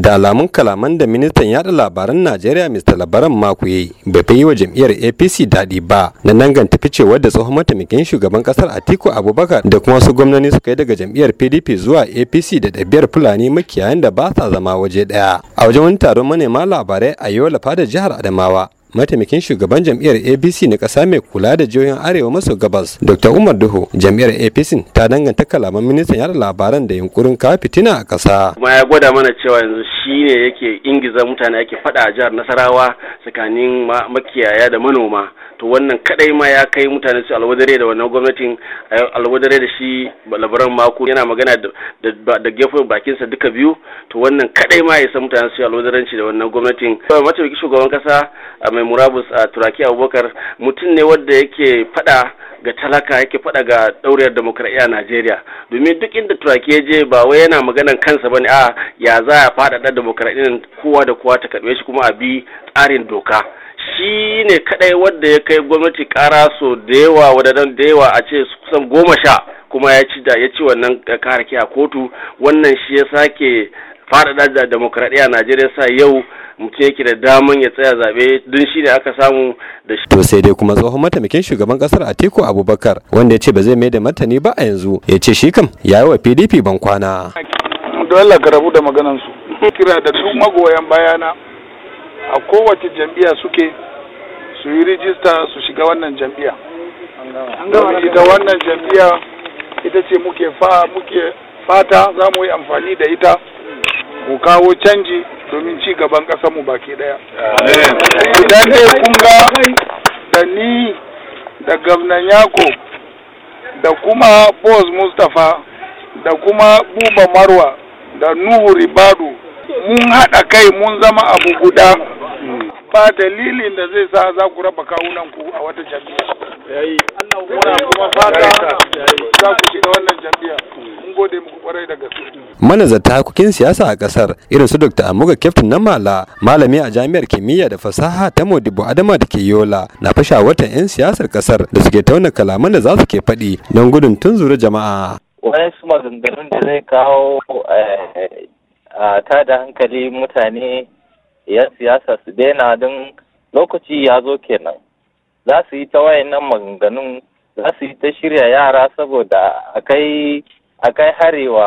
da alamun kalaman da ministan yada labaran najeriya mr labaran makuye bai fi yi wa jam'iyyar apc daɗi ba na danganta ficewar da tsohon mataimakin shugaban kasar atiku abubakar da kuma wasu gwamnoni suka yi daga jam'iyyar pdp zuwa apc da ɗabiyar fulani makiyayan da ba sa zama waje ɗaya a wajen wani taron manema labarai a yola fada jihar adamawa mataimakin shugaban jam'iyyar apc na ƙasa mai kula da jihohin arewa maso gabas dr umar duhu jam'iyyar apc ta danganta kalaman ministan yada labaran da yunkurin kawo fitina a ƙasa kuma ya gwada mana cewa yanzu shi ne yake ingiza mutane ake faɗa a jihar nasarawa tsakanin makiyaya da manoma to wannan kadai ma ya kai mutane su alwadare da wannan gwamnatin alwadare da shi labaran mako yana magana da gefen bakinsa duka biyu to wannan kadai ma ya san mutane su alwadaranci da wannan gwamnatin mataimakin shugaban kasa mai murabus a turaki abubakar mutum ne wanda yake fada ga talaka yake faɗa ga ɗauriyar demokradiyya a Najeriya domin duk inda turaki ya je ba wai yana maganan kansa bane a ya za a faɗaɗa demokradiyyar kowa da kowa ta karɓe shi kuma a bi tsarin doka shi ne kadai wadda ya kai gwamnati kara so da yawa wadadan da yawa a ce kusan goma sha kuma ya ci da ya ci wannan karaki a kotu wannan shi ya sake faɗaɗa da demokradiyya a najeriya sa yau mutum yake da daman ya tsaya zaɓe don shi ne aka samu da shi. To sai dai kuma tsohon mataimakin shugaban ƙasar Atiku Abubakar wanda ya ce ba zai mai da martani ba a yanzu ya ce shi kam ya yi wa PDP ban kwana. Dole ka rabu da maganansu. Kira da duk magoyan bayana a kowace jam'iya suke su yi rijista su shiga wannan jam'iyya domin ita wannan jam'iyya ita ce muke fata za mu yi amfani da ita mu kawo canji domin ci gaban mu baki ɗaya idan dai kun ga da ni da gwamnan yako da kuma boss mustapha da kuma buba marwa da nuhu ribadu mun haɗa kai mun zama abu guda ba dalilin da zai sa za ku raba kawunan ku a wata jam'iyya muna kuma fata za ku shiga wannan jami'a. mun gode muku kwarai da gaske manazarta hakokin siyasa a kasar irin su dr amuga captain na mala malami a jami'ar kimiyya da fasaha ta modibo adama da ke yola na fasha watan 'yan siyasar kasar da suke tauna kalaman da za su ke faɗi don gudun tunzura jama'a wasu maganganun da zai kawo eh, eh, a da hankali mutane 'yan siyasa su daina don lokaci ya zo kenan za su yi ta wayannan maganganun za su yi ta shirya yara saboda akai akai harewa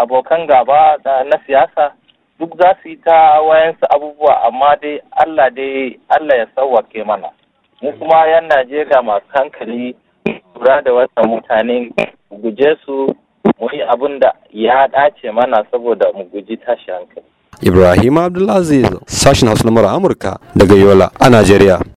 abokan gaba na siyasa duk za su yi ta wayansu abubuwa amma dai Allah dai Allah ya sauwake mana mu kuma yan Najeriya masu hankali lura da wasan mutane guje su muyi abun abin da ya dace mana saboda mu guji tashi hankali Ibrahim Abdulaziz, sashen Hausa na Amurka daga Yola a Najeriya.